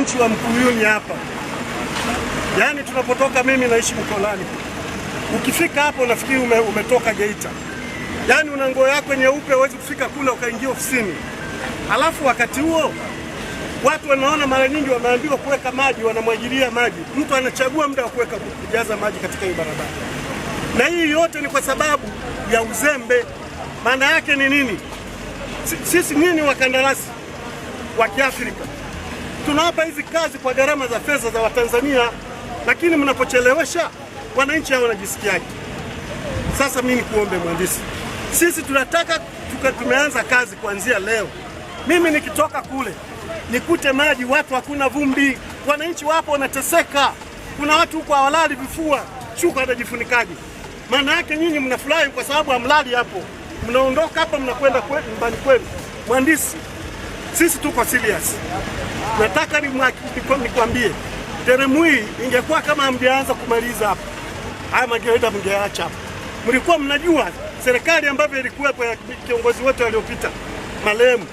wananchi wa Mkuyuni hapa, yaani tunapotoka mimi naishi Mkolani, ukifika hapo nafikiri ume, umetoka Geita, yaani una nguo yako nyeupe, huwezi kufika kule ukaingia ofisini. Alafu wakati huo watu wanaona, mara nyingi wameambiwa kuweka maji, wanamwagilia maji, mtu anachagua muda wa kuweka kujaza maji katika hii barabara, na hii yote ni kwa sababu ya uzembe. Maana yake ni nini? Sisi nini wakandarasi wa Kiafrika tunawapa hizi kazi kwa gharama za fedha za Watanzania, lakini mnapochelewesha wananchi hao wanajisikiaje? Sasa mimi nikuombe mhandisi, sisi tunataka tuka, tumeanza kazi kuanzia leo. Mimi nikitoka kule nikute maji, watu hakuna vumbi, wananchi wapo wanateseka, kuna watu huko hawalali vifua, shuka atajifunikaje? Maana yake nyinyi mnafurahi kwa sababu hamlali hapo, mnaondoka hapa mnakwenda nyumbani kwenu. Mhandisi, sisi tuko serious. Nataka nikwambie teremu hii ingekuwa kama mjaanza kumaliza hapa haya magereda mngeacha hapa. Mlikuwa mnajua serikali ambavyo ilikuwepo ya kiongozi wote waliopita marehemu,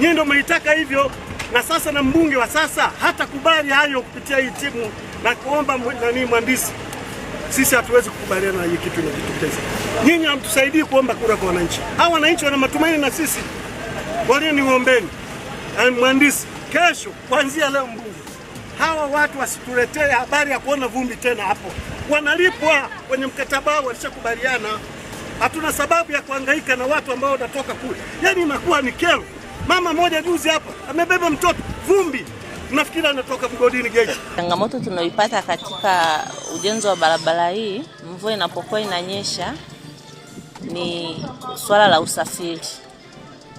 nyinyi ndio mlitaka hivyo, na sasa na mbunge wa sasa hata kubali hayo kupitia hii timu na kuomba nani, mhandisi, sisi hatuwezi kukubaliana na hii kitu inajitokeza. Nyinyi hamtusaidii kuomba kura kwa wananchi. Hawa wananchi wana matumaini na sisi, walio ni uombeni Eh, mwandisi, kesho kuanzia leo mbunge, hawa watu wasituletee habari ya kuona vumbi tena hapo. Wanalipwa kwenye mkataba wao, walishakubaliana. Hatuna sababu ya kuhangaika na watu ambao wanatoka kule, yaani inakuwa ni kero. Mama moja juzi hapa amebeba mtoto vumbi nafikiri anatoka mgodini gei Changamoto tunaoipata katika ujenzi wa barabara hii, mvua inapokuwa inanyesha, ni swala la usafiri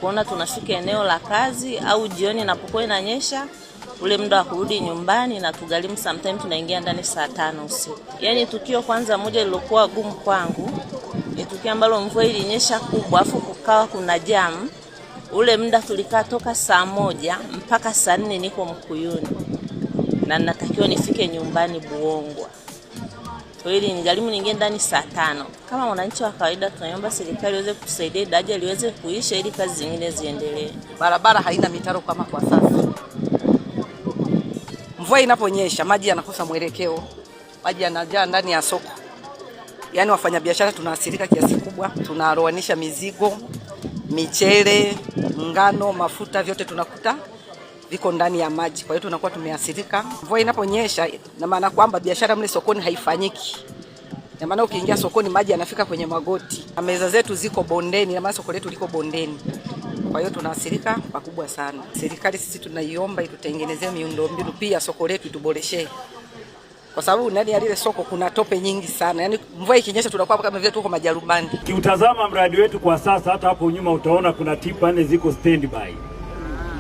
kuona tunafika eneo la kazi au jioni inapokuwa inanyesha ule muda wa kurudi nyumbani na tugalimu sometimes tunaingia ndani saa tano usiku. Yaani tukio kwanza moja lilokuwa gumu kwangu ni tukio ambalo mvua ilinyesha kubwa, afu kukawa kuna jamu. Ule muda tulikaa toka saa moja mpaka saa nne niko Mkuyuni na natakiwa nifike nyumbani Buongwa ili ni jaribu niingie ndani saa tano. Kama mwananchi wa kawaida, tunaomba serikali iweze kutusaidia daraja liweze kuisha ili kazi zingine ziendelee. Barabara haina mitaro kama kwa sasa. Mvua inaponyesha maji yanakosa mwelekeo, maji yanajaa ndani ya soko. Yaani wafanyabiashara tunaathirika kiasi kubwa, tunaroanisha mizigo, michele, ngano, mafuta, vyote tunakuta viko ndani ya maji, kwa hiyo tunakuwa tumeathirika mvua inaponyesha, na maana kwamba biashara mle sokoni haifanyiki na maana ukiingia sokoni maji yanafika kwenye magoti, na meza zetu ziko bondeni, na maana soko letu liko bondeni. Kwa hiyo tunaathirika pakubwa sana. Serikali sisi tunaiomba itutengenezee miundombinu, pia soko letu ituboreshe, kwa sababu ndani ya lile soko kuna tope nyingi sana, yaani mvua ikinyesha tunakuwa kama vile tuko majarumani. Kiutazama mradi wetu kwa sasa, hata hapo nyuma utaona kuna tipa nne ziko standby.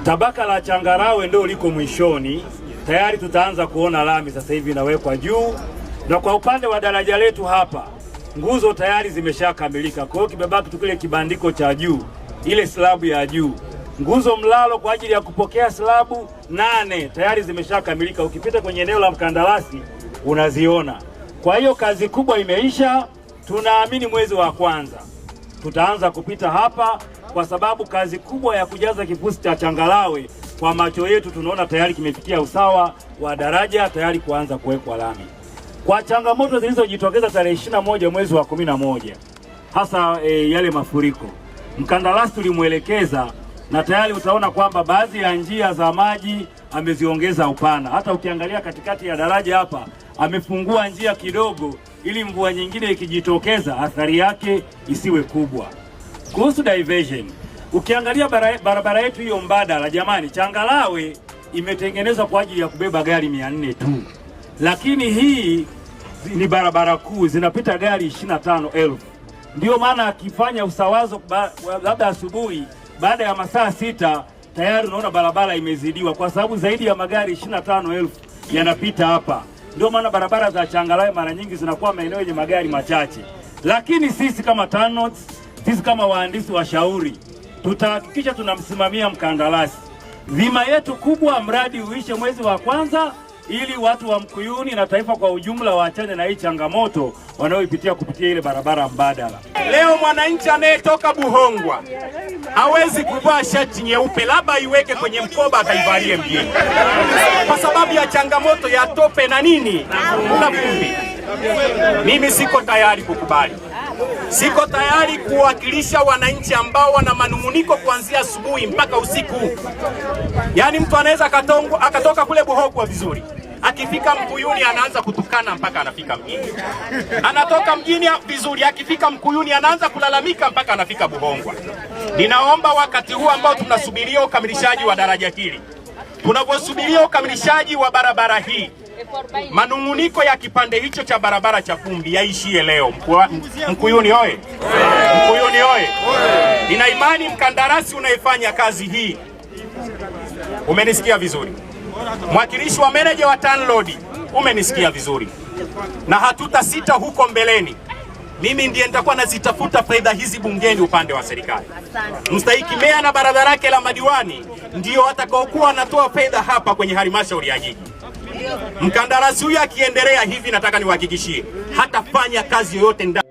Tabaka la changarawe ndio liko mwishoni tayari, tutaanza kuona lami sasa hivi inawekwa juu, na kwa upande wa daraja letu hapa nguzo tayari zimeshakamilika. Kwa hiyo kimebaki tu kile kibandiko cha juu, ile slabu ya juu, nguzo mlalo kwa ajili ya kupokea slabu nane tayari zimeshakamilika. Ukipita kwenye eneo la mkandarasi unaziona. Kwa hiyo kazi kubwa imeisha. Tunaamini mwezi wa kwanza tutaanza kupita hapa kwa sababu kazi kubwa ya kujaza kifusi cha changalawe kwa macho yetu tunaona tayari kimefikia usawa wa daraja tayari kuanza kuwekwa lami. Kwa changamoto zilizojitokeza tarehe ishirini na moja mwezi wa kumi na moja hasa e, yale mafuriko, mkandarasi tulimwelekeza na tayari utaona kwamba baadhi ya njia za maji ameziongeza upana. Hata ukiangalia katikati ya daraja hapa amefungua njia kidogo, ili mvua nyingine ikijitokeza athari yake isiwe kubwa. Kuhusu diversion, ukiangalia barabara yetu hiyo mbadala, jamani, changalawe imetengenezwa kwa ajili ya kubeba gari 400 tu, hmm. lakini hii ni barabara kuu zinapita gari 25,000. ndio maana akifanya usawazo labda asubuhi, baada ya masaa sita tayari unaona barabara imezidiwa, kwa sababu zaidi ya magari 25,000 yanapita hapa. Ndio maana barabara za changalawe mara nyingi zinakuwa maeneo yenye magari machache, lakini sisi kama TANROADS sisi kama wahandisi washauri tutahakikisha tunamsimamia mkandarasi. Dhima yetu kubwa, mradi uishe mwezi wa kwanza, ili watu wa Mkuyuni na taifa kwa ujumla waachane na hii changamoto wanayoipitia kupitia ile barabara mbadala. Leo mwananchi anayetoka Buhongwa hawezi kuvaa shati nyeupe, labda iweke kwenye mkoba akaivalie mjini, kwa sababu ya changamoto ya tope na nini na vumbi. Mimi siko tayari kukubali. Siko tayari kuwakilisha wananchi ambao wana manunguniko kuanzia asubuhi mpaka usiku. Yaani mtu anaweza akatoka kule buhogwa vizuri akifika Mkuyuni anaanza kutukana mpaka anafika mjini. Anatoka mjini vizuri, akifika Mkuyuni anaanza kulalamika mpaka anafika Buhongwa. Ninaomba wakati huu ambao tunasubiria ukamilishaji wa daraja hili, tunavyosubiria ukamilishaji wa barabara hii, Manung'uniko ya kipande hicho cha barabara cha fumbi yaishie leo. Mkuyuni oye! Mkuyuni oye! Nina imani mkandarasi unayefanya kazi hii, umenisikia vizuri. Mwakilishi wa meneja wa TANROADS, umenisikia vizuri, na hatutasita huko mbeleni mimi ndiye nitakuwa nazitafuta fedha hizi bungeni upande wa serikali. Mstahiki meya na baraza lake la madiwani ndio watakaokuwa wanatoa fedha hapa kwenye halmashauri ya jiji. Mkandarasi huyu akiendelea hivi, nataka niwahakikishie hatafanya kazi yoyote ndani